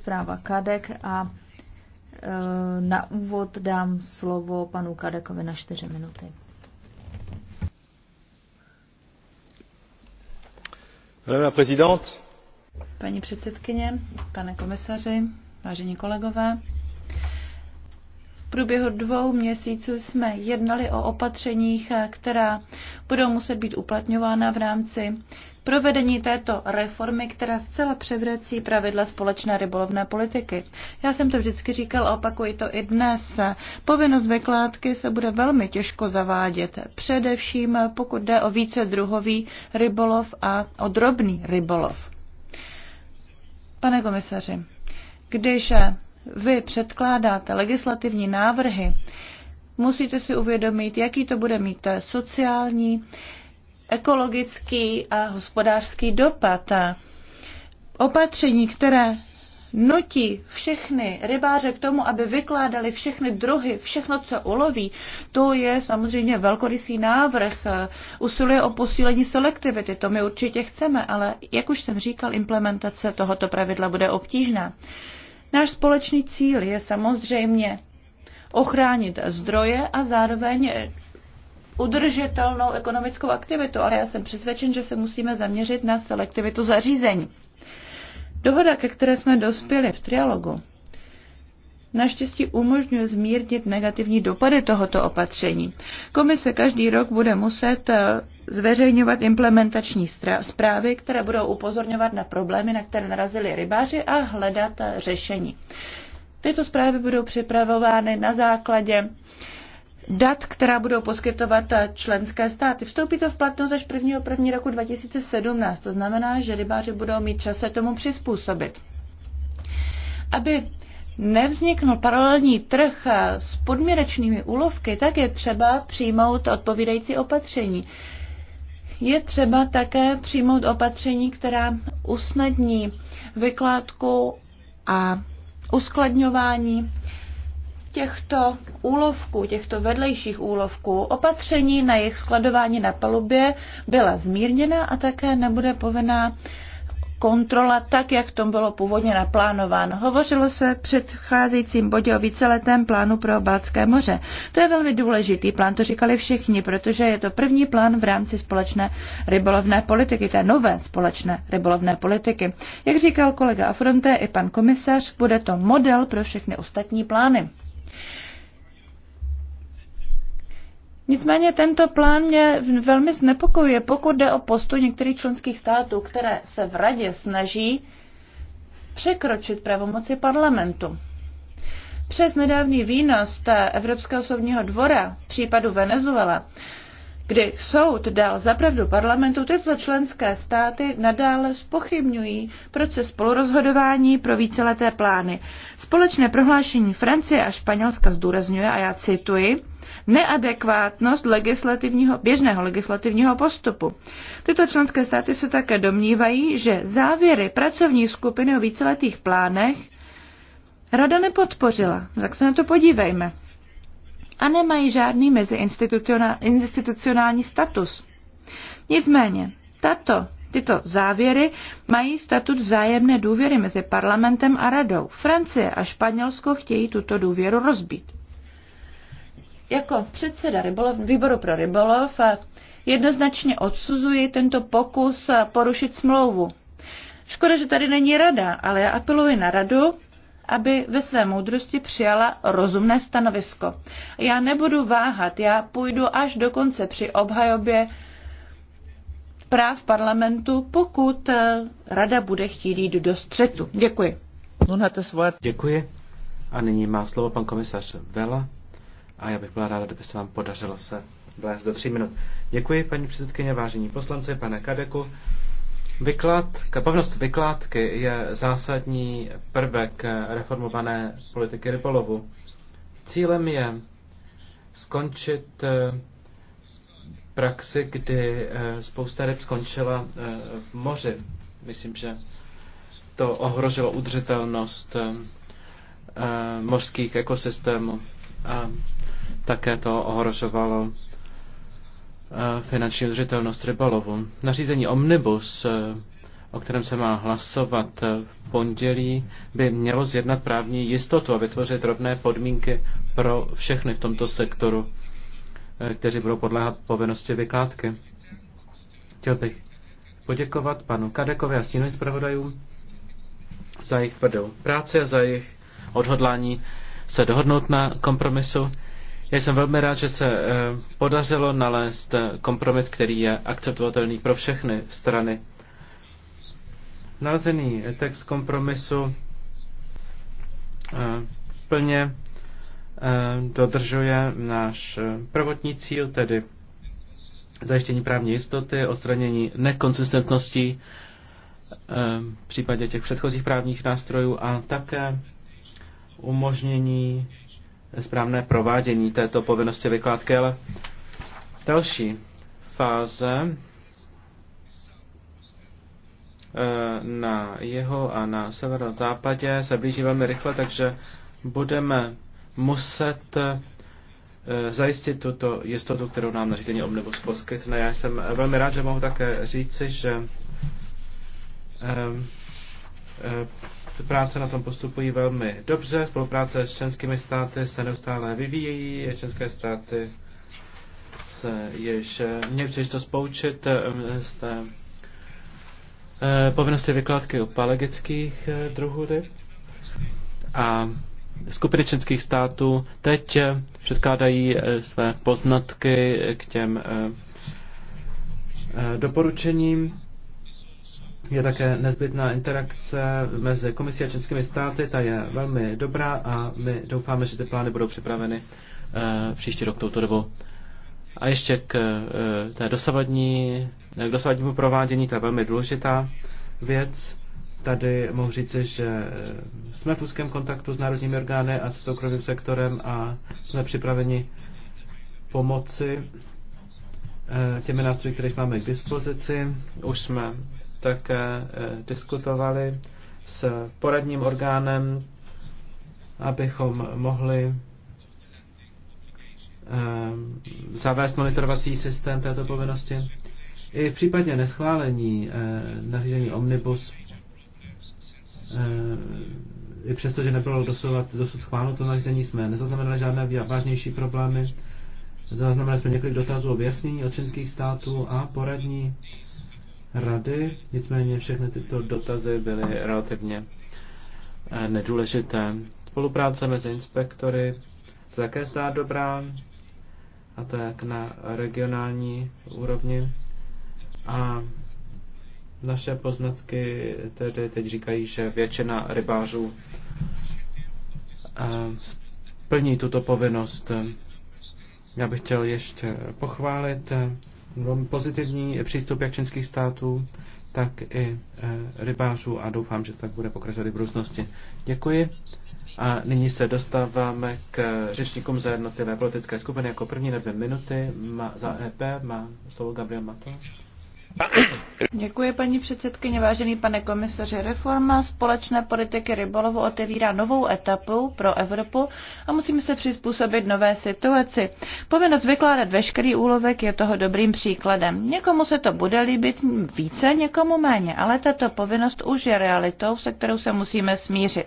zpráva Kadek a e, na úvod dám slovo panu Kadekovi na čtyři minuty. Paní předsedkyně, pane komisaři, vážení kolegové, průběhu dvou měsíců jsme jednali o opatřeních, eh, která budou muset být uplatňována v rámci provedení této reformy, která zcela převrací pravidla společné rybolovné politiky. Já jsem to vždycky říkal a opakuji to i dnes. Povinnost vykládky se bude velmi těžko zavádět, především pokud jde o více druhový rybolov a o drobný rybolov. Pane komisaři, když vy předkládáte legislativní návrhy, musíte si uvědomit, jaký to bude mít sociální, ekologický a hospodářský dopad. Opatření, které nutí všechny rybáře k tomu, aby vykládali všechny druhy, všechno, co uloví, to je samozřejmě velkorysý návrh. Usiluje o posílení selektivity, to my určitě chceme, ale jak už jsem říkal, implementace tohoto pravidla bude obtížná. Náš společný cíl je samozřejmě ochránit zdroje a zároveň udržitelnou ekonomickou aktivitu, ale já jsem přesvědčen, že se musíme zaměřit na selektivitu zařízení. Dohoda, ke které jsme dospěli v trialogu, naštěstí umožňuje zmírnit negativní dopady tohoto opatření. Komise každý rok bude muset eh, zveřejňovat implementační zprávy, které budou upozorňovat na problémy, na které narazili rybáři a hledat řešení. Tyto zprávy budou připravovány na základě dat, která budou poskytovat členské státy. Vstoupí to v platnost až 1. první roku 2017. To znamená, že rybáři budou mít čas se tomu přizpůsobit. Aby nevzniknul paralelní trh s podměrečnými úlovky, tak je třeba přijmout odpovídající opatření. Je třeba také přijmout opatření, která usnadní vykládku a uskladňování těchto úlovků, těchto vedlejších úlovků, opatření na jejich skladování na palubě byla zmírněna a také nebude povinná kontrola tak, jak tom bylo původně naplánováno. Hovořilo se v předcházejícím bodě o víceletém plánu pro Balcké moře. To je velmi důležitý plán, to říkali všichni, protože je to první plán v rámci společné rybolovné politiky, té nové společné rybolovné politiky. Jak říkal kolega Afronte i pan komisař, bude to model pro všechny ostatní plány. Nicméně tento plán mě velmi znepokojuje, pokud jde o postu některých členských států, které se v radě snaží překročit pravomoci parlamentu. Přes nedávný výnos Evropského soudního dvora v případu Venezuela, kdy soud dal zapravdu parlamentu, tyto členské státy nadále spochybňují proces spolurozhodování pro víceleté plány. Společné prohlášení Francie a Španělska zdůrazňuje, a já cituji, neadekvátnost legislativního, běžného legislativního postupu. Tyto členské státy se také domnívají, že závěry pracovní skupiny o víceletých plánech rada nepodpořila. Tak se na to podívejme. A nemají žádný meziinstitucionální status. Nicméně, tato Tyto závěry mají statut vzájemné důvěry mezi parlamentem a radou. Francie a Španělsko chtějí tuto důvěru rozbít. Jako předseda rybolov, výboru pro rybolov eh, jednoznačně odsuzuji tento pokus eh, porušit smlouvu. Škoda, že tady není rada, ale já apeluji na radu, aby ve své moudrosti přijala rozumné stanovisko. Já nebudu váhat, já půjdu až do konce při obhajobě práv parlamentu, pokud eh, rada bude chtít jít do střetu. Děkuji. Děkuji. A nyní má slovo pan komisař Vela a já bych byla ráda, kdyby se vám podařilo se vlézt do tří minut. Děkuji, paní předsedkyně, vážení poslanci, pane Kadeku. Vykládka, pevnost vykládky je zásadní prvek reformované politiky rybolovu. Cílem je skončit eh, praxi, kdy eh, spousta ryb skončila eh, v moři. Myslím, že to ohrožilo udržitelnost mořských ekosystémů a také to ohrožovalo e, finanční udržitelnost rybolovu. Nařízení Omnibus, e, o kterém se má hlasovat v pondělí, by mělo zjednat právní jistotu a vytvořit rovné podmínky pro všechny v tomto sektoru, e, kteří budou podléhat povinnosti vykládky. Chtěl bych poděkovat panu Kadekovi a stínovým zpravodajům za jejich tvrdou práci a za jejich odhodlání se dohodnout na kompromisu. Já jsem velmi rád, že se eh, podařilo nalézt eh, kompromis, který je akceptovatelný pro všechny strany. Nalezený text kompromisu eh, plně dodržuje náš prvotní cíl, tedy zajištění právní jistoty, odstranění nekonsistentností v případě těch předchozích právních nástrojů a také umožnění správné provádění této povinnosti vykládky, ale další fáze eh, na jeho a na severozápadě se blíží velmi rychle, takže budeme muset eh, zajistit tuto jistotu, kterou nám nařízení Omnibus poskytne. Já jsem velmi rád, že mohu také říci, že eh, Práce na tom postupují velmi dobře, spolupráce s členskými státy se neustále vyvíjejí, členské státy se již měly příležitost poučit eh, z té eh, povinnosti vykládky o palegických eh, druhů A skupiny členských států teď předkládají své poznatky k těm doporučením je také nezbytná interakce mezi komisí a členskými státy, ta je velmi dobrá a my doufáme, že ty plány budou připraveny eh, příští rok touto dobou. A ještě k eh, té dosavadní, eh, k dosavadnímu provádění, to je velmi důležitá věc. Tady mohu říci, že jsme v úzkém kontaktu s národními orgány a s soukromým sektorem a jsme připraveni pomoci těmi nástroji, které máme k dispozici. Už jsme také eh, diskutovali s poradním orgánem, abychom mohli eh, zavést monitorovací systém této povinnosti. I v případě neschválení eh, nařízení Omnibus, i přesto, že nebylo dosud, dosud schváleno to nařízení, jsme nezaznamenali žádné vážnější problémy. Zaznamenali jsme několik dotazů o vyjasnění od členských států a poradní rady, nicméně všechny tyto dotazy byly relativně eh, nedůležité. Spolupráce mezi inspektory se také zdá dobrá, a to jak na regionální úrovni. A naše poznatky tedy teď říkají, že většina rybářů eh, plní tuto povinnost. Já bych chtěl ještě pochválit eh, velmi pozitivní přístup jak čínských států, tak i e, rybářů a doufám, že tak bude pokračovat i v budoucnosti. Děkuji. A nyní se dostáváme k řečníkům za jednotlivé politické skupiny. Jako první na dvě minuty má, za EP má slovo Gabriel Matáš. Děkuji, paní předsedkyně. Vážený pane komisaři, reforma společné politiky rybolovu otevírá novou etapu pro Evropu a musíme se přizpůsobit nové situaci. Povinnost vykládat veškerý úlovek je toho dobrým příkladem. Někomu se to bude líbit více, někomu méně, ale tato povinnost už je realitou, se kterou se musíme smířit.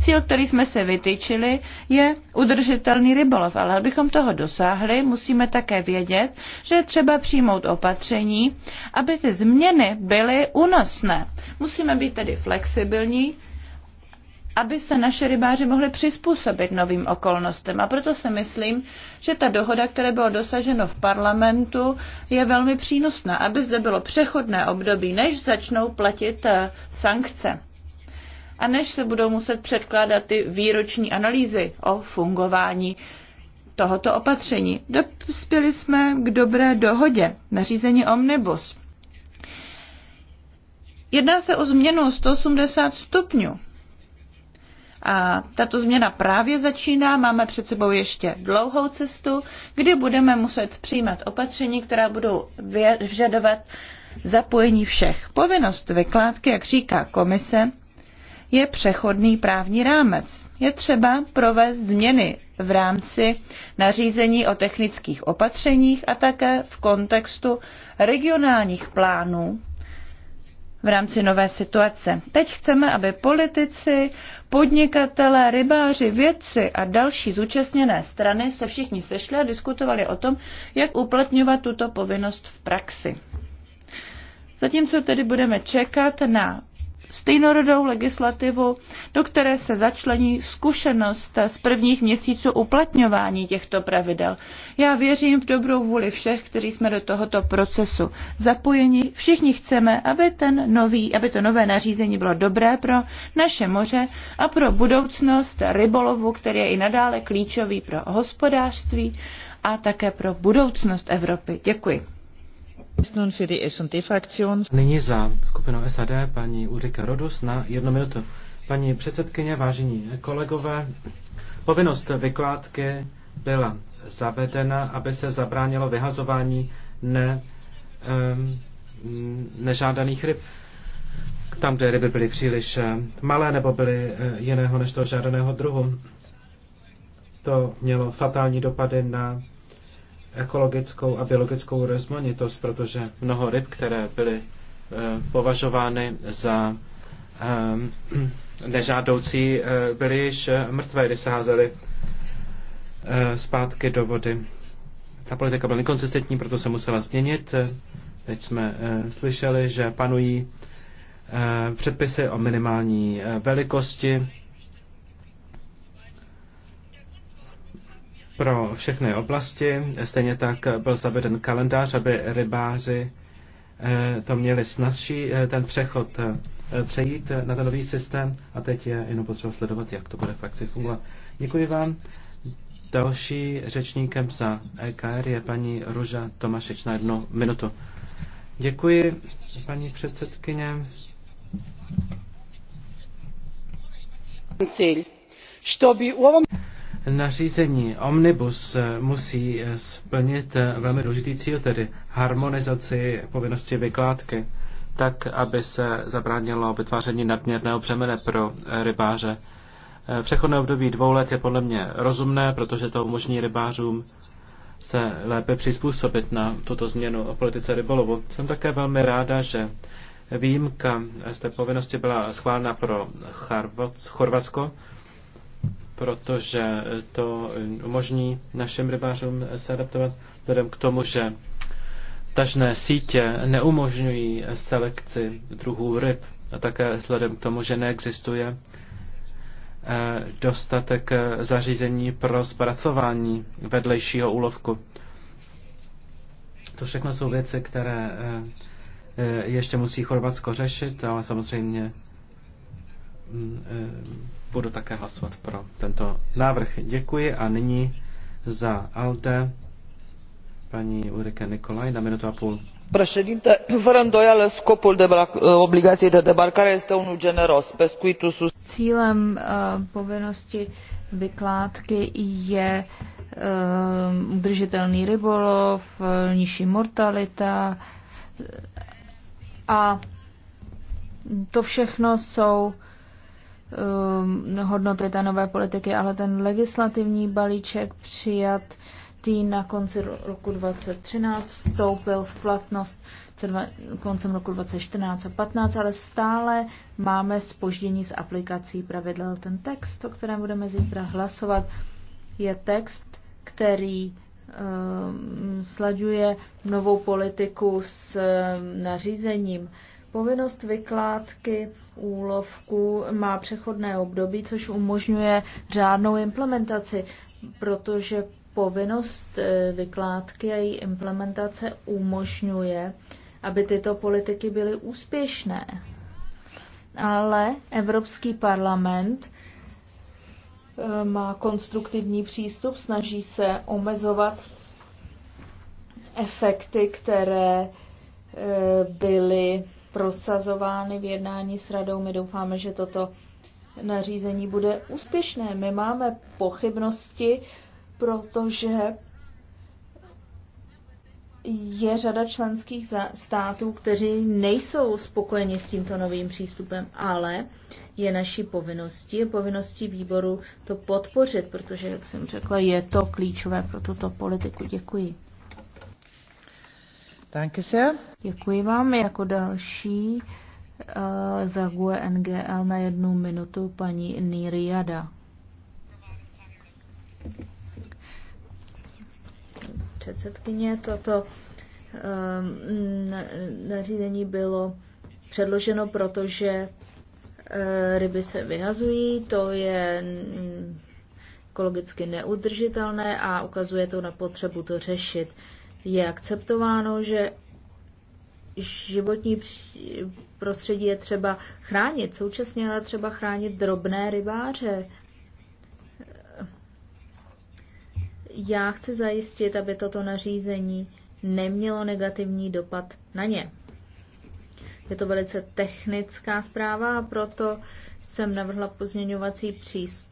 Cíl, který jsme se vytyčili, je udržitelný rybolov, ale abychom toho dosáhli, musíme také vědět, že je třeba přijmout opatření, aby ty změny byly únosné. Musíme být tedy flexibilní, aby se naše rybáři mohli přizpůsobit novým okolnostem. A proto si myslím, že ta dohoda, které bylo dosaženo v parlamentu, je velmi přínosná, aby zde bylo přechodné období, než začnou platit eh, sankce a než se budou muset předkládat ty výroční analýzy o fungování tohoto opatření. Dospěli jsme k dobré dohodě, nařízení Omnibus. Jedná se o změnu 180 stupňů. A tato změna právě začíná, máme před sebou ještě dlouhou cestu, kdy budeme muset přijímat opatření, která budou vyžadovat zapojení všech. Povinnost vykládky, jak říká komise, je přechodný právní rámec. Je třeba provést změny v rámci nařízení o technických opatřeních a také v kontextu regionálních plánů v rámci nové situace. Teď chceme, aby politici, podnikatelé, rybáři, vědci a další zúčastněné strany se všichni sešli a diskutovali o tom, jak uplatňovat tuto povinnost v praxi. Zatímco tedy budeme čekat na stejnorodou legislativu, do které se začlení zkušenost z prvních měsíců uplatňování těchto pravidel. Já věřím v dobrou vůli všech, kteří jsme do tohoto procesu zapojeni. Všichni chceme, aby, ten nový, aby to nové nařízení bylo dobré pro naše moře a pro budoucnost rybolovu, který je i nadále klíčový pro hospodářství a také pro budoucnost Evropy. Děkuji. Nyní za skupinu SAD paní Ulrika Rodus na jednu minutu. Paní předsedkyně, vážení kolegové, povinnost vykládky byla zavedena, aby se zabránilo vyhazování ne, nežádaných ryb tam, kde ryby byly příliš eh, malé nebo byly eh, jiného než toho žádaného druhu. To mělo fatální dopady na ekologickou a biologickou rozmanitost, protože mnoho ryb, které byly eh, považovány za eh, nežádoucí, eh, byly již mrtvé, když se házely zpátky do vody. Ta politika byla nekonsistentní, proto se musela změnit. Teď jsme slyšeli, že panují předpisy o minimální velikosti pro všechny oblasti. Stejně tak byl zaveden kalendář, aby rybáři eh, to měli snazší eh, ten přechod eh, přejít na ten nový systém a teď je jenom potřeba sledovat, jak to bude v praxi fungovat. Děkuji vám. Další řečníkem za EKR je paní Ruža Tomášič na jednu minutu. Děkuji, paní předsedkyně. Cíl. Što by u ovom... Nařízení Omnibus eh, musí eh, splnit eh, velmi důležitý cíl, tedy harmonizaci povinnosti vykládky, tak, aby se zabránilo vytváření nadměrného břemene pro rybáře. Přechodné období dvou let je podle mě rozumné, protože to umožní rybářům se lépe přizpůsobit na tuto změnu o politice rybolovu. Jsem také velmi ráda, že výjimka z té povinnosti byla schválena pro Chorvatsko, protože to umožní našim rybářům se adaptovat vzhledem k tomu, že tažné sítě neumožňují selekci druhů ryb a také vzhledem k tomu, že neexistuje eh, dostatek eh, zařízení pro zpracování vedlejšího úlovku. To všechno jsou věci, které eh, ještě musí Chorvatsko řešit, ale samozřejmě Eh, budu také hlasovat pro tento návrh. Děkuji a nyní za ALDE paní Ulrike Nikolaj na minutu a půl. Președinte, fără îndoială, scopul de eh, obligației de debarcare este unul generos. Pescuitul sus... Cílem uh, povinnosti vykládky je uh, udržitelný rybolov, uh, nižší mortalita a to všechno jsou uh, Um, hodnoty té nové politiky, ale ten legislativní balíček přijat tý na konci roku 2013 vstoupil v platnost koncem roku 2014 a 2015, ale stále máme spoždění s aplikací pravidel. Ten text, o kterém budeme zítra hlasovat, je text, který um, sladuje novou politiku s um, nařízením. Povinnost vykládky úlovku má přechodné období, což umožňuje řádnou implementaci, protože povinnost eh, vykládky a její implementace umožňuje, aby tyto politiky byly úspěšné. Ale Evropský parlament eh, má konstruktivní přístup, snaží se omezovat efekty, které eh, byly prosazovány v jednání s radou. My doufáme, že toto nařízení bude úspěšné. My máme pochybnosti, protože je řada členských států, kteří nejsou spokojeni s tímto novým přístupem, ale je naší povinností, je povinností výboru to podpořit, protože, jak jsem řekla, je to klíčové pro tuto politiku. Děkuji. Danke sehr. Děkuji vám. Jako další uh, za GUE NGL na jednu minutu paní Niriada. Předsedkyně, toto um, nařízení bylo předloženo, protože uh, ryby se vyhazují, to je mm, ekologicky neudržitelné a ukazuje to na potřebu to řešit. Uh, je akceptováno, že životní prostředí je třeba chránit, současně ale třeba chránit drobné rybáře. Já chci zajistit, aby toto nařízení nemělo negativní dopad na ně. Je to velice technická zpráva a proto jsem navrhla pozměňovací příspěvky,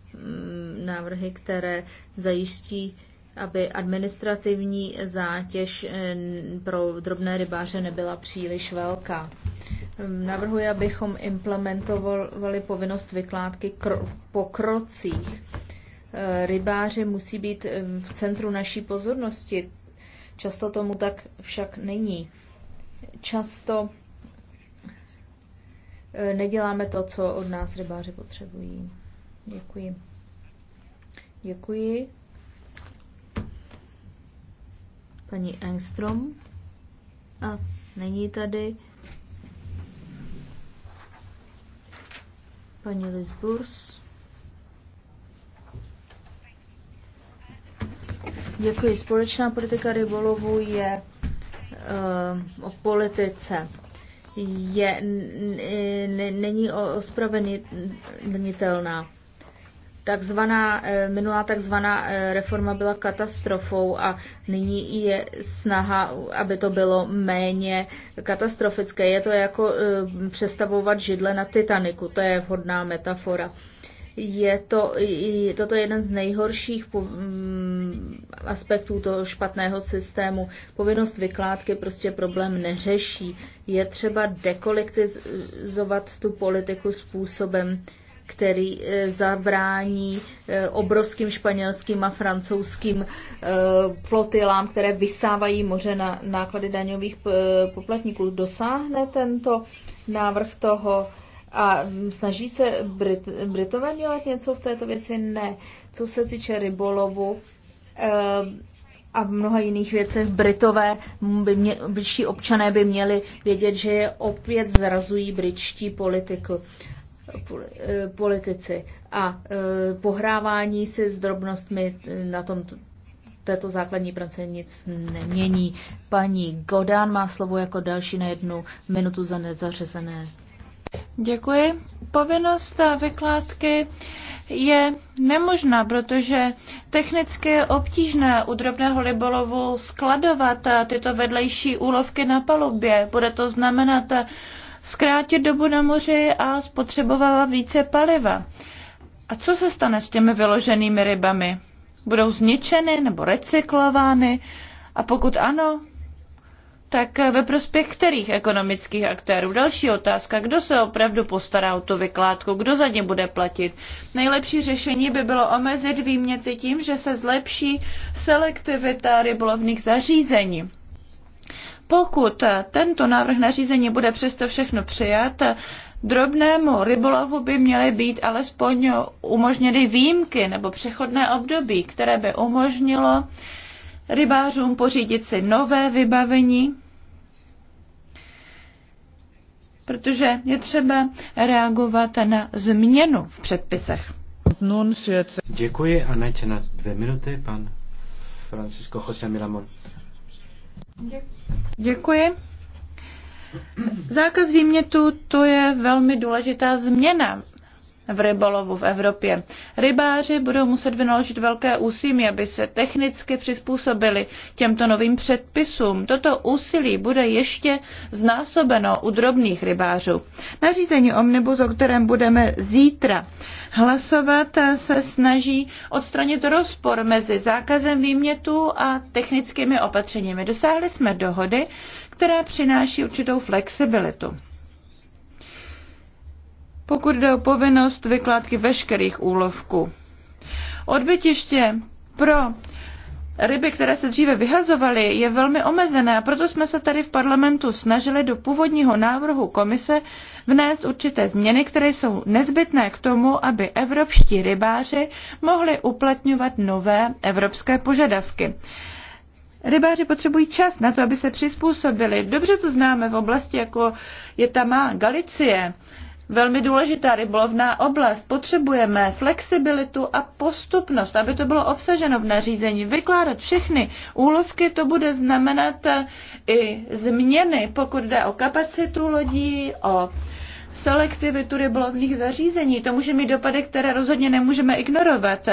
návrhy, které zajistí aby administrativní zátěž eh, pro drobné rybáře nebyla příliš velká. Ehm, navrhuji, abychom implementovali povinnost vykládky po krocích. Eh, rybáři musí být ehm, v centru naší pozornosti. Často tomu tak však není. Často eh, neděláme to, co od nás rybáři potřebují. Děkuji. Děkuji. paní Engstrom a není tady paní Lisburs. Děkuji. Společná politika rybolovu je uh, o politice. Je, n, n, není ospravedlnitelná. Takzvaná, eh, minulá takzvaná eh, reforma byla katastrofou a nyní je snaha, aby to bylo méně katastrofické. Je to jako eh, přestavovat židle na Titaniku, to je vhodná metafora je to, je toto jeden z nejhorších po, m, mm, aspektů toho špatného systému. Povinnost vykládky prostě problém neřeší. Je třeba dekolektizovat tu politiku způsobem, který eh, zabrání eh, obrovským španělským a francouzským eh, flotilám, které vysávají moře na náklady daňových poplatníků. Dosáhne tento návrh toho a mm, snaží se Brit, Britové dělat něco v této věci? Ne. Co se týče rybolovu, a v mnoha jiných věcech Britové, mm, by mě, britští občané by měli vědět, že je opět zrazují britští politiku politici a e, pohrávání si s drobnostmi na tom této základní prace nic nemění. Paní Godán má slovo jako další na jednu minutu za nezařazené. Děkuji. Povinnost vykládky je nemožná, protože technicky je obtížné u drobného libolovu skladovat tyto vedlejší úlovky na palubě. Bude to znamenat zkrátit dobu na moři a spotřebovala více paliva. A co se stane s těmi vyloženými rybami? Budou zničeny nebo recyklovány? A pokud ano, tak ve prospěch kterých ekonomických aktérů? Další otázka, kdo se opravdu postará o tu vykládku, kdo za ně bude platit? Nejlepší řešení by bylo omezit výměty tím, že se zlepší selektivita rybolovných zařízení pokud tento návrh nařízení bude přesto všechno přijat, drobnému rybolovu by měly být alespoň umožněny výjimky nebo přechodné období, které by umožnilo rybářům pořídit si nové vybavení, protože je třeba reagovat na změnu v předpisech. Děkuji a na dvě minuty pan Francisco José Milamon. Děkuji. Zákaz výmětu to je velmi důležitá změna v rybolovu v Evropě. Rybáři budou muset vynaložit velké úsilí, aby se technicky přizpůsobili těmto novým předpisům. Toto úsilí bude ještě znásobeno u drobných rybářů. Nařízení Omnibus, o kterém budeme zítra hlasovat, se snaží odstranit rozpor mezi zákazem výmětu a technickými opatřeními. Dosáhli jsme dohody, která přináší určitou flexibilitu pokud jde o povinnost vykládky veškerých úlovků. Odbytiště pro ryby, které se dříve vyhazovaly, je velmi omezené a proto jsme se tady v parlamentu snažili do původního návrhu komise vnést určité změny, které jsou nezbytné k tomu, aby evropští rybáři mohli uplatňovat nové evropské požadavky. Rybáři potřebují čas na to, aby se přizpůsobili. Dobře to známe v oblasti, jako je Tamá Galicie velmi důležitá rybolovná oblast. Potřebujeme flexibilitu a postupnost, aby to bylo obsaženo v nařízení. Vykládat všechny úlovky, to bude znamenat eh, i změny, pokud jde o kapacitu lodí, o selektivitu rybolovných zařízení. To může mít dopady, které rozhodně nemůžeme ignorovat.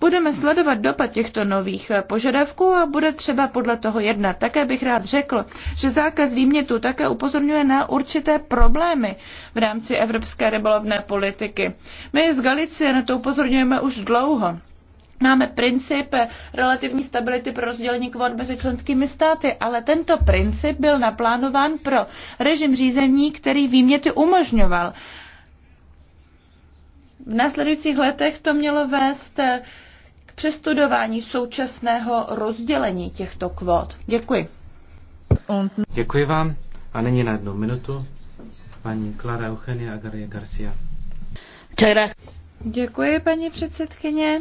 Budeme sledovat dopad těchto nových požadavků a bude třeba podle toho jednat. Také bych rád řekl, že zákaz výmětu také upozorňuje na určité problémy v rámci evropské rybolovné politiky. My z Galicie na to upozorňujeme už dlouho. Máme princip relativní stability pro rozdělení kvót mezi členskými státy, ale tento princip byl naplánován pro režim řízení, který výměty umožňoval. V následujících letech to mělo vést k přestudování současného rozdělení těchto kvót. Děkuji. Děkuji vám. A nyní na jednu minutu paní Klara Eugenia Agaria Garcia. Děkuji, paní předsedkyně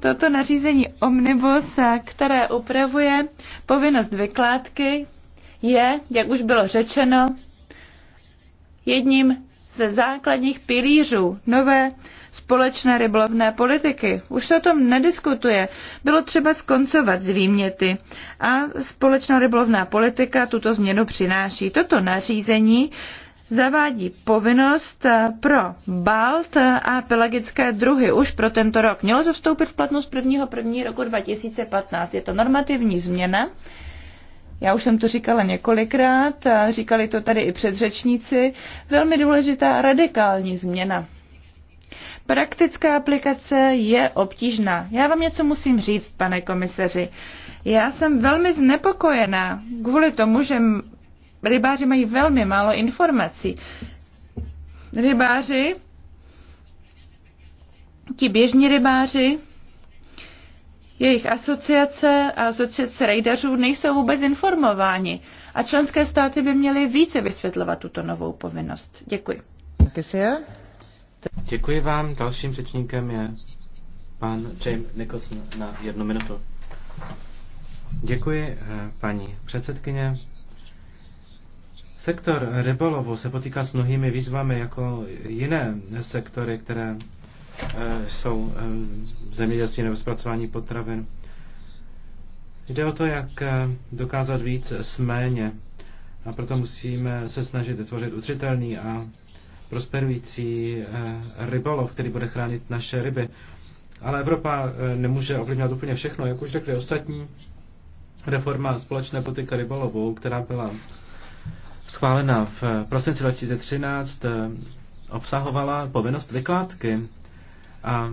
toto nařízení Omnibus, které upravuje povinnost vykládky, je, jak už bylo řečeno, jedním ze základních pilířů nové společné rybolovné politiky. Už se o tom nediskutuje. Bylo třeba skoncovat s výměty a společná rybolovná politika tuto změnu přináší. Toto nařízení zavádí povinnost eh, pro balt eh, a pelagické druhy už pro tento rok. Mělo to vstoupit v platnost 1. 1. roku 2015. Je to normativní změna. Já už jsem to říkala několikrát, a říkali to tady i předřečníci. Velmi důležitá radikální změna. Praktická aplikace je obtížná. Já vám něco musím říct, pane komisaři. Já jsem velmi znepokojená kvůli tomu, že rybáři mají velmi málo informací. Rybáři, ti běžní rybáři, jejich asociace a asociace rejdařů nejsou vůbec informováni a členské státy by měly více vysvětlovat tuto novou povinnost. Děkuji. Děkuji vám. Dalším řečníkem je pan James Nicholson na jednu minutu. Děkuji, eh, paní předsedkyně. Sektor rybolovu se potýká s mnohými výzvami jako jiné sektory, které eh, jsou v eh, zemědělství nebo zpracování potravin. Jde o to, jak eh, dokázat víc s méně. A proto musíme se snažit vytvořit udržitelný a prosperující rybolov, který bude chránit naše ryby. Ale Evropa nemůže ovlivňovat úplně všechno, jak už řekli ostatní. Reforma společné politiky rybolovu, která byla schválená v prosinci 2013, eh, obsahovala povinnost vykládky a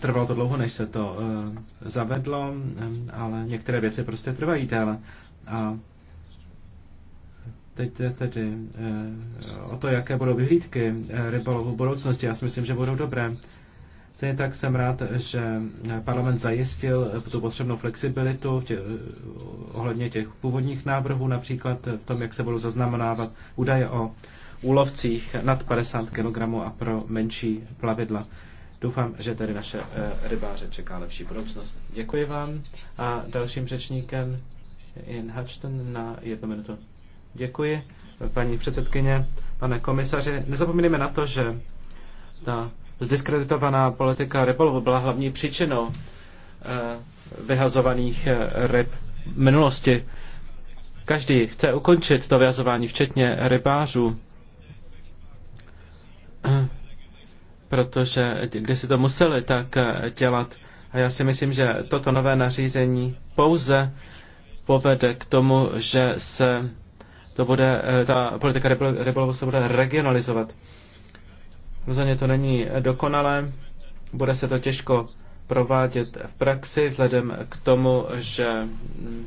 trvalo to dlouho, než se to eh, zavedlo, eh, ale některé věci prostě trvají déle. A teď tedy o to, jaké budou vyhlídky rybolovu v budoucnosti. Já si myslím, že budou dobré. Stejně tak jsem rád, že parlament zajistil tu potřebnou flexibilitu tě, ohledně těch původních návrhů, například v tom, jak se budou zaznamenávat údaje o úlovcích nad 50 kg a pro menší plavidla. Doufám, že tedy naše eh, rybáře čeká lepší budoucnost. Děkuji vám a dalším řečníkem Jan Hutchton na jednu minutu. Děkuji, paní předsedkyně, pane komisaři. Nezapomínejme na to, že ta Zdiskreditovaná politika rybolovu byla hlavní příčinou eh, vyhazovaných eh, ryb v minulosti. Každý chce ukončit to vyhazování, včetně rybářů, protože když si to museli tak eh, dělat. A já si myslím, že toto nové nařízení pouze povede k tomu, že se to bude, ta politika rybolovu se bude regionalizovat. Rozhodně to není dokonalé, bude se to těžko provádět v praxi, vzhledem k tomu, že mm,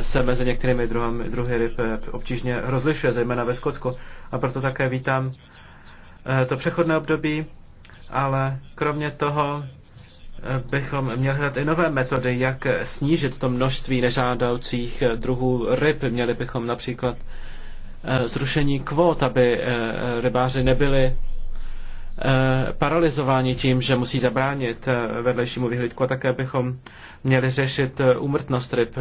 se mezi některými druhami, druhy ryb eh, obtížně rozlišuje, zejména ve Skotsku. A proto také vítám eh, to přechodné období, ale kromě toho eh, bychom měli hledat i nové metody, jak snížit to množství nežádoucích druhů ryb. Měli bychom například zrušení kvót, aby rybáři nebyli Eh, paralizováni tím, že musí zabránit eh, vedlejšímu vyhlídku a také bychom měli řešit eh, úmrtnost ryb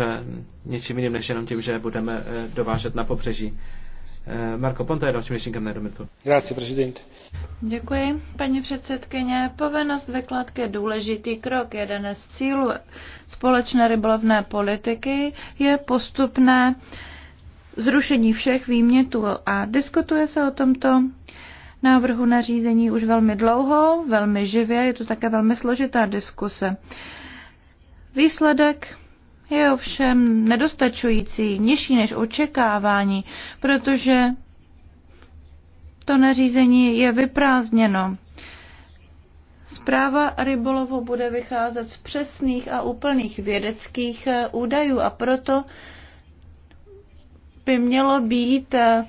něčím jiným, než jenom tím, že budeme dovážet na pobřeží. Marko Ponta je dalším ještěnkem na domitku. Děkuji, paní předsedkyně. Povinnost vykladky je důležitý krok. Jeden z cílů společné rybolovné politiky je postupné zrušení všech výmětů a diskutuje se o tomto návrhu nařízení už velmi dlouho, velmi živě, je to také velmi složitá diskuse. Výsledek je ovšem nedostačující, nižší než očekávání, protože to nařízení je vyprázdněno. Zpráva rybolovu bude vycházet z přesných a úplných vědeckých eh, údajů a proto by mělo být eh,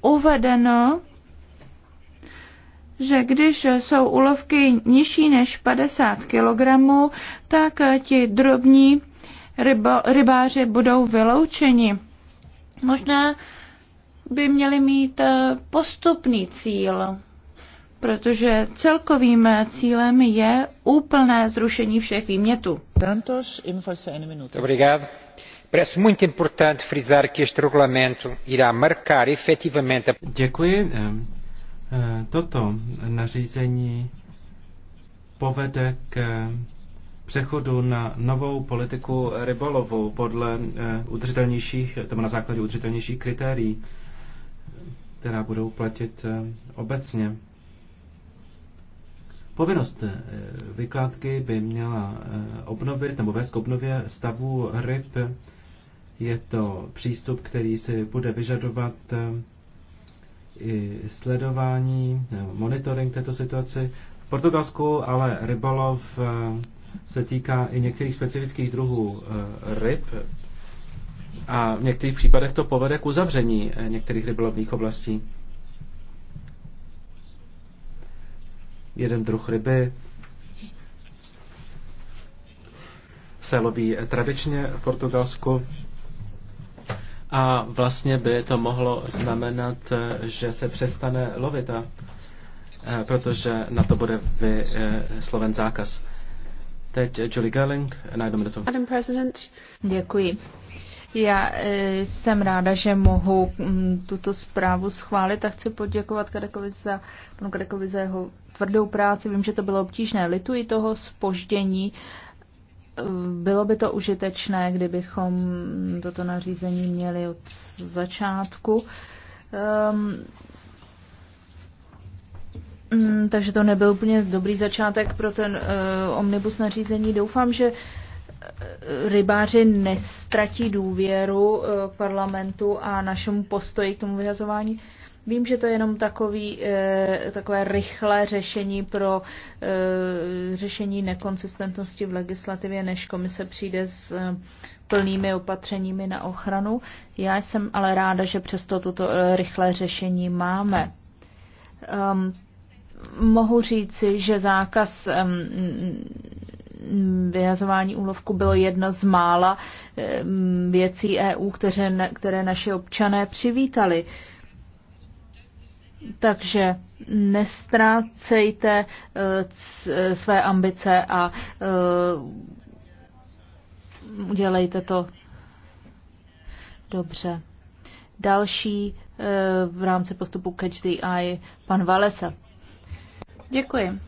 uvedeno, že když jsou ulovky nižší než 50 kg, tak ti drobní rybo, rybáři budou vyloučeni. Možná by měli mít eh, postupný cíl, protože celkovým eh, cílem je úplné zrušení všech výmětů. Děkuji. Eh, toto nařízení povede k přechodu na novou politiku rybolovu podle eh, udržitelnějších, tomu na základě udržitelnějších kritérií, která budou platit eh, obecně. Povinnost vykládky by měla obnovit nebo vést k obnově stavu ryb. Je to přístup, který si bude vyžadovat i sledování monitoring této situaci. V Portugalsku ale rybolov eh, se týká i některých specifických druhů eh, ryb a v některých případech to povede k uzavření eh, některých rybolovných oblastí. Jeden druh ryby se loví tradičně v Portugalsku a vlastně by to mohlo znamenat, eh, že se přestane lovit, a, eh, protože na to bude vysloven eh, zákaz. Teď Julie Gerling najdeme jednu minutu. Madam President. Děkuji. Já jsem ráda, že mohu mm, tuto zprávu schválit a chci poděkovat Kadekovi za, panu Kadekovi za jeho tvrdou práci. Vím, že to bylo obtížné. Lituji toho spoždění, bylo by to užitečné, kdybychom toto nařízení měli od začátku. Um, takže to nebyl úplně dobrý začátek pro ten uh, omnibus nařízení. Doufám, že eh, rybáři nestratí důvěru uh, parlamentu a našemu postoji k tomu vyhazování. Uh, Vím, že to je jenom takový, eh, takové rychlé řešení pro eh, řešení nekonsistentnosti v legislativě, než komise přijde s eh, plnými opatřeními na ochranu. Já jsem ale ráda, že přesto toto rychlé řešení máme. Um, mohu říci, že zákaz um, vyhazování úlovku bylo jedno z mála um, věcí EU, které, které naše občané přivítali. Uh, takže nestrácejte eh, své ambice a eh, udělejte to dobře. Další eh, v rámci postupu Catch the Eye, pan Valesa. Děkuji.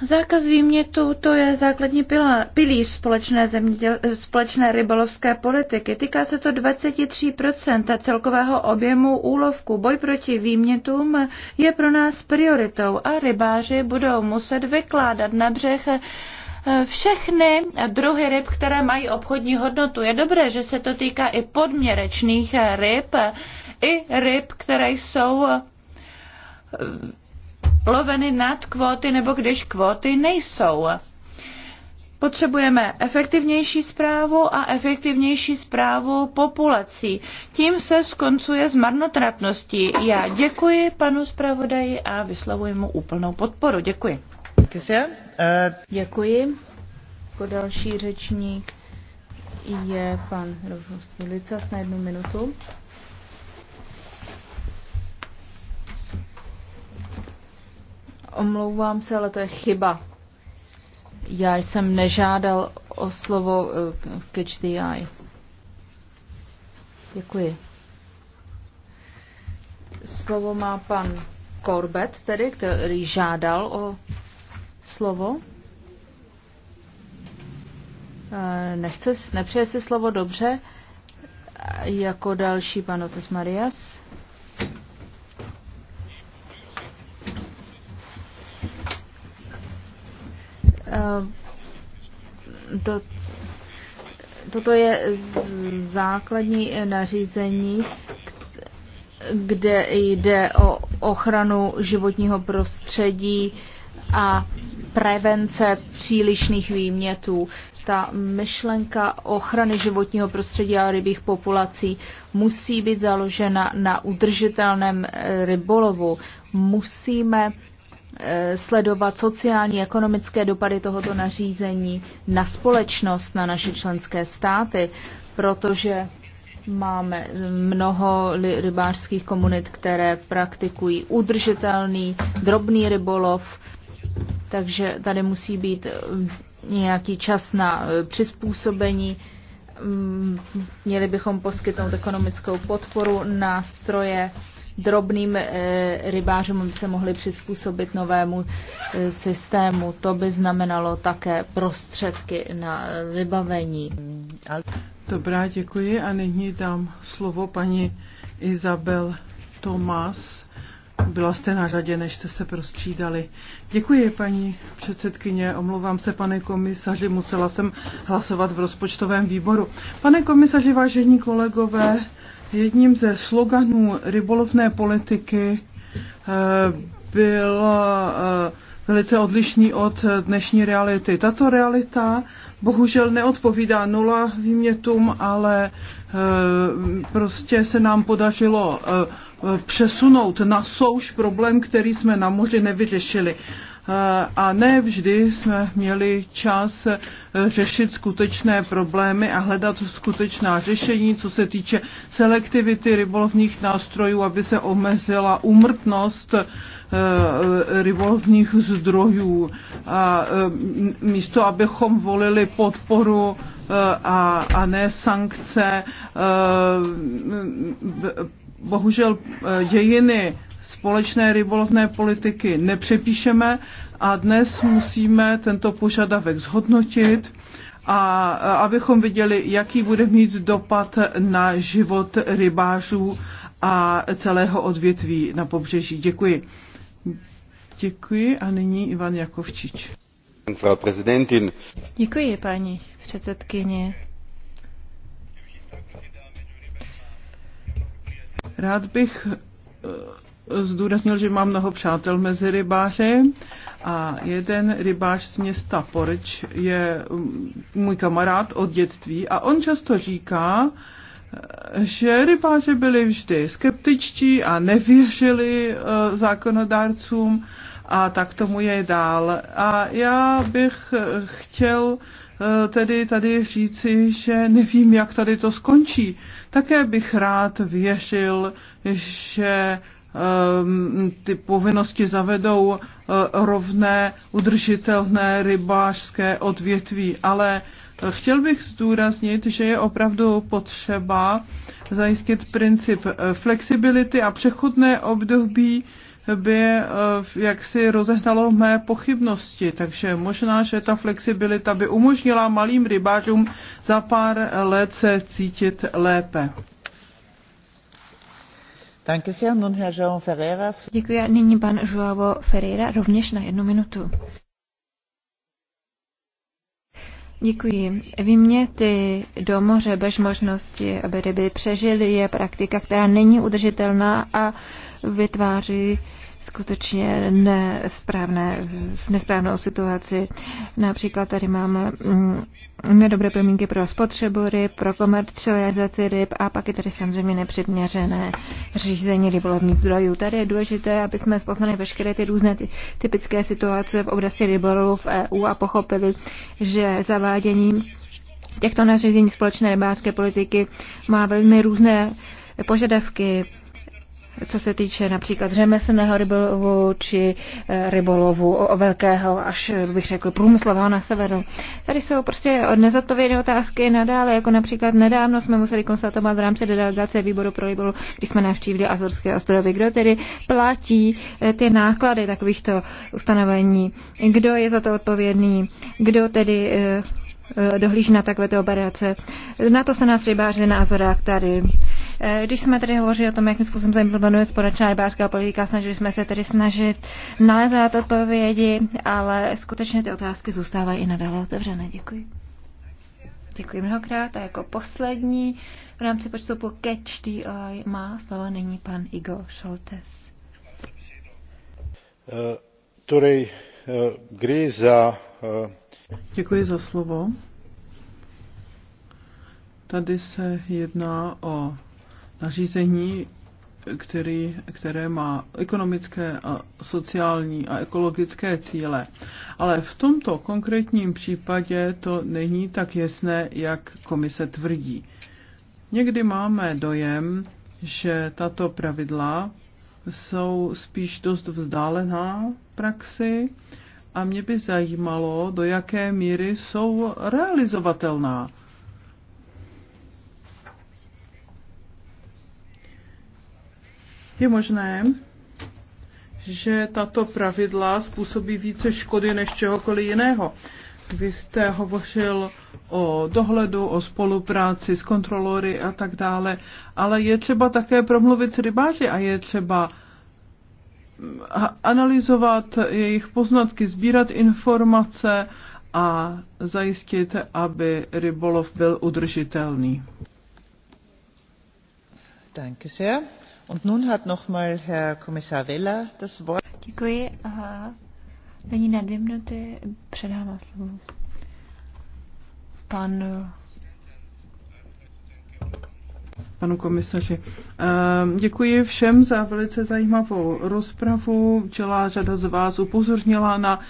Zákaz výmětu to je základní pilíř společné, zeměděl, společné rybolovské politiky. Týká se to 23% celkového objemu úlovku. Boj proti výmětům je pro nás prioritou a rybáři budou muset vykládat na břeh eh, všechny druhy ryb, které mají obchodní hodnotu. Je dobré, že se to týká i podměrečných ryb, i ryb, které jsou loveny nad kvóty nebo když kvóty nejsou. Potřebujeme efektivnější zprávu a efektivnější zprávu populací. Tím se skoncuje s marnotratností. Já děkuji panu zpravodaji a vyslovuji mu úplnou podporu. Děkuji. Děkuji. Po jako další řečník je pan Rovnost Julica na jednu minutu. Omlouvám se, ale to je chyba. Já jsem nežádal o slovo eh, v Catch the Eye. Děkuji. Slovo má pan Corbett, tedy, který žádal o slovo. Eh, nechce, nepřeje si slovo dobře. Jako další pan Otes Marias. Eh, to, toto je základní nařízení, kde jde o ochranu životního prostředí a prevence přílišných výmětů. Ta myšlenka ochrany životního prostředí a rybích populací musí být založena na udržitelném rybolovu. Musíme Eh, sledovat sociální, ekonomické dopady tohoto nařízení na společnost, na naše členské státy, protože máme mnoho rybářských komunit, které praktikují udržitelný drobný rybolov, takže tady musí být eh, nějaký čas na eh, přizpůsobení. Mm, měli bychom poskytnout ekonomickou podporu nástroje drobným eh, rybářům, by se mohli přizpůsobit novému eh, systému. To by znamenalo také prostředky na eh, vybavení. Dobrá, děkuji a nyní dám slovo paní Izabel Tomas. Byla jste na řadě, než jste se prostřídali. Děkuji, paní předsedkyně. Omlouvám se, pane komisaři, musela jsem hlasovat v rozpočtovém výboru. Pane komisaři, vážení kolegové, Jedním ze sloganů rybolovné politiky eh, byl eh, velice odlišný od dnešní reality. Tato realita bohužel neodpovídá nula výmětům, ale eh, prostě se nám podařilo přesunout na souš problém, který jsme na moři nevyřešili a ne vždy jsme měli čas řešit skutečné problémy a hledat skutečná řešení, co se týče selektivity rybolovních nástrojů, aby se omezila umrtnost eh, rybolovních zdrojů. A eh, místo, abychom volili podporu eh, a, a ne sankce, bohužel dějiny společné rybolovné politiky nepřepíšeme a dnes musíme tento požadavek zhodnotit a abychom viděli, jaký bude mít dopad na život rybářů a celého odvětví na pobřeží. Děkuji. Děkuji a nyní Ivan Jakovčič. Děkuji, paní předsedkyně. Rád bych eh, zdůraznil, že mám mnoho přátel mezi rybáři a jeden rybář z města Porč je mm, můj kamarád od dětství a on často říká, že rybáři byli vždy skeptičtí a nevěřili e, zákonodárcům a tak tomu je dál. A já bych chtěl e, tedy tady říci, že nevím, jak tady to skončí. Také bych rád věřil, že Ehm, ty povinnosti zavedou eh, rovné, udržitelné rybářské odvětví. Ale eh, chtěl bych zdůraznit, že je opravdu potřeba zajistit princip eh, flexibility a přechodné období by jaksi rozehnalo mé pochybnosti. Takže možná, že ta flexibilita by umožnila malým rybářům za pár let se cítit lépe. Děkuji. A nyní pan Joao Ferreira rovněž na jednu minutu. Děkuji. Vyměty do moře bez možnosti, aby ryby přežily, je praktika, která není udržitelná a vytváří skutečně nesprávné, nesprávnou situaci. Například tady máme mm, nedobré podmínky pro spotřebu ryb, pro komercializaci ryb a pak je tady samozřejmě nepřiměřené řízení rybolovních zdrojů. Tady je důležité, aby jsme spoznali veškeré ty různé ty, typické situace v oblasti rybolovu v EU a pochopili, že zavádění těchto nařízení společné rybářské politiky má velmi různé požadavky co se týče například řemeslného rybolovu či eh, rybolovu o velkého, až bych řekl průmyslového na severu. Tady jsou prostě nezodpovědné otázky nadále, jako například nedávno jsme museli konstatovat v rámci delegace výboru pro rybolov, když jsme navštívili Azorské ostrovy, kdo tedy platí eh, ty náklady takovýchto ustanovení, kdo je za to odpovědný, kdo tedy eh, dohlíží na takovéto operace. Na to se nás rybáři na Azorách tady Eh, když jsme tedy hovořili o tom, jakým způsobem se implementuje společná rybářská politika, snažili jsme se tedy snažit nalézat odpovědi, ale skutečně ty otázky zůstávají i nadále otevřené. Děkuji. Děkuji mnohokrát a jako poslední v rámci počtu po Catch DI má slovo nyní pan Igo Šoltes. Eh, torej, eh, gre za... Děkuji za slovo. Tady se jedná o nařízení, který, které má ekonomické a sociální a ekologické cíle. Ale v tomto konkrétním případě to není tak jasné, jak komise tvrdí. Někdy máme dojem, že tato pravidla jsou spíš dost vzdálená praxi a mě by zajímalo, do jaké míry jsou realizovatelná Je možné, že tato pravidla způsobí více škody než čehokoliv jiného. Vy jste hovořil o dohledu, o spolupráci s kontrolory a tak dále, ale je třeba také promluvit s rybáři a je třeba mm, analyzovat jejich poznatky, sbírat informace a zajistit, aby rybolov byl udržitelný. Děkuji. Und nun Nyní na dvě minuty předávám slovo pan panu komisaři. Ehm, děkuji všem za velice zajímavou rozpravu. Celá řada z vás upozornila na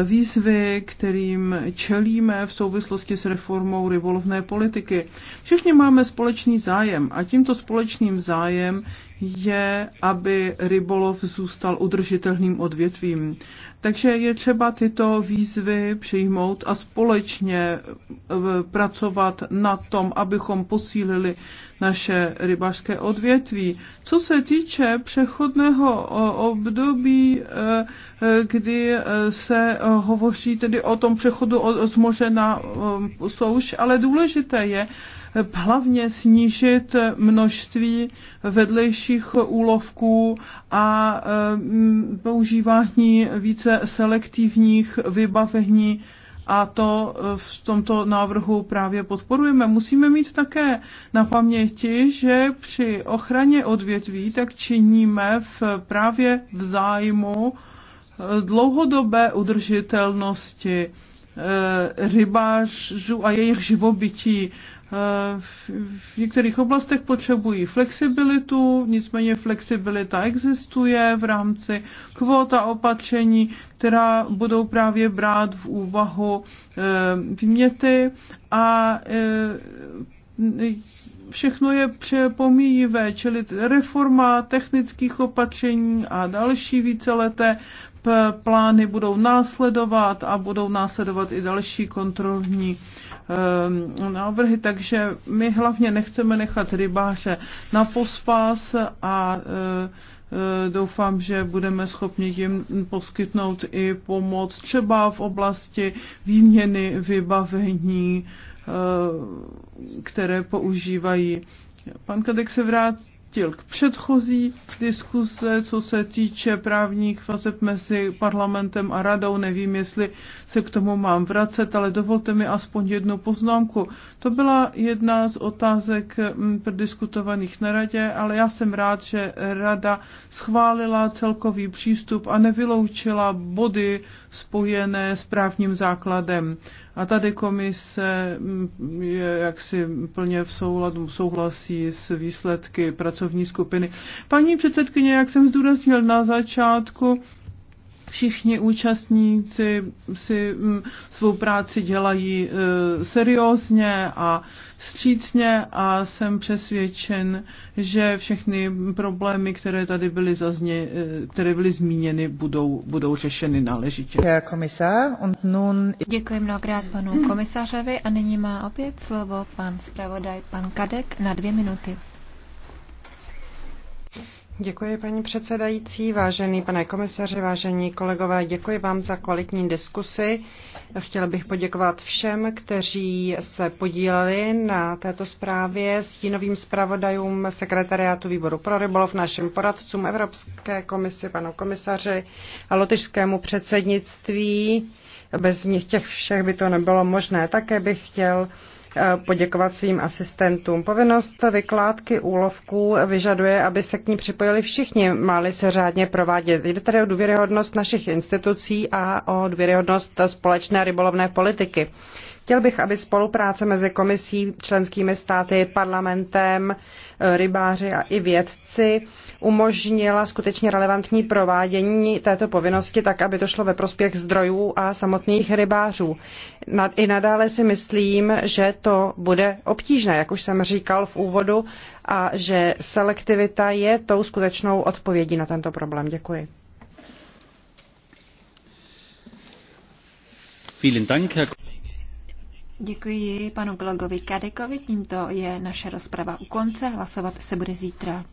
eh, výzvy, kterým čelíme v souvislosti s reformou rybolovné politiky. Všichni máme společný zájem a tímto společným zájem je, aby rybolov zůstal udržitelným odvětvím. Takže je třeba tyto výzvy přijmout a společně eh, pracovat na tom, abychom posílili naše naše rybářské odvětví. Co se týče přechodného období, e, e, kdy e, se hovoří tedy o tom přechodu z moře na souš, ale důležité je hlavně snížit množství vedlejších úlovků a používání více selektivních vybavení a to eh, v tomto návrhu právě podporujeme. Musíme mít také na paměti, že při ochraně odvětví tak činíme v právě v zájmu eh, dlouhodobé udržitelnosti eh, rybářů a jejich živobytí. Eh, v některých oblastech potřebují flexibilitu, nicméně flexibilita existuje v rámci kvota opatření, která budou právě brát v úvahu eh, výměty a eh, všechno je přepomíjivé, čili reforma technických opatření a další víceleté plány budou následovat a budou následovat i další kontrolní Ehm, návrhy, takže my hlavně nechceme nechat rybáře na pospas a eh, eh, doufám, že budeme schopni jim poskytnout i pomoc třeba v oblasti výměny vybavení, eh, které používají. Pan Kadek se vrátí vrátil k předchozí diskuse, co se týče právních vazeb mezi parlamentem a radou. Nevím, jestli se k tomu mám vracet, ale dovolte mi aspoň jednu poznámku. To byla jedna z otázek mm, prodiskutovaných na radě, ale já jsem rád, že rada schválila celkový přístup a nevyloučila body spojené s právním základem. A tady komise mm, je jaksi plně v souladu, souhlasí s výsledky pracovní skupiny. Paní předsedkyně, jak jsem zdůraznil na začátku, všichni účastníci si mm, svou práci dělají e, seriózně a střícně a jsem přesvědčen, že všechny problémy, které tady byly, zazně, e, které byly zmíněny, budou, budou řešeny náležitě. Děkuji mnohokrát panu komisařovi a nyní má opět slovo pan zpravodaj, pan Kadek na dvě minuty. Děkuji, paní předsedající, vážený pane komisaři, vážení kolegové, děkuji vám za kvalitní diskusy. Chtěl bych poděkovat všem, kteří se podíleli na této zprávě, stínovým zpravodajům sekretariátu výboru pro rybolov, našim poradcům Evropské komisi, panu komisaři a lotyšskému předsednictví. Bez nich těch všech by to nebylo možné. Také bych chtěl Eh, poděkovat svým asistentům. Povinnost vykládky úlovků vyžaduje, aby se k ní připojili všichni, máli se řádně provádět. Jde tedy o důvěryhodnost našich institucí a o důvěryhodnost společné rybolovné politiky. Chtěl bych, aby spolupráce mezi komisí, členskými státy, parlamentem, eh, rybáři a i vědci umožnila skutečně relevantní provádění této povinnosti tak, aby to šlo ve prospěch zdrojů a samotných rybářů. I nadále si myslím, že to bude obtížné, jak už jsem říkal v úvodu, a že selektivita je tou skutečnou odpovědí na tento problém. Děkuji. Vielen Dank, Herr Děkuji panu kolegovi Kadekovi, tímto je naše rozprava u konce, hlasovat se bude zítra.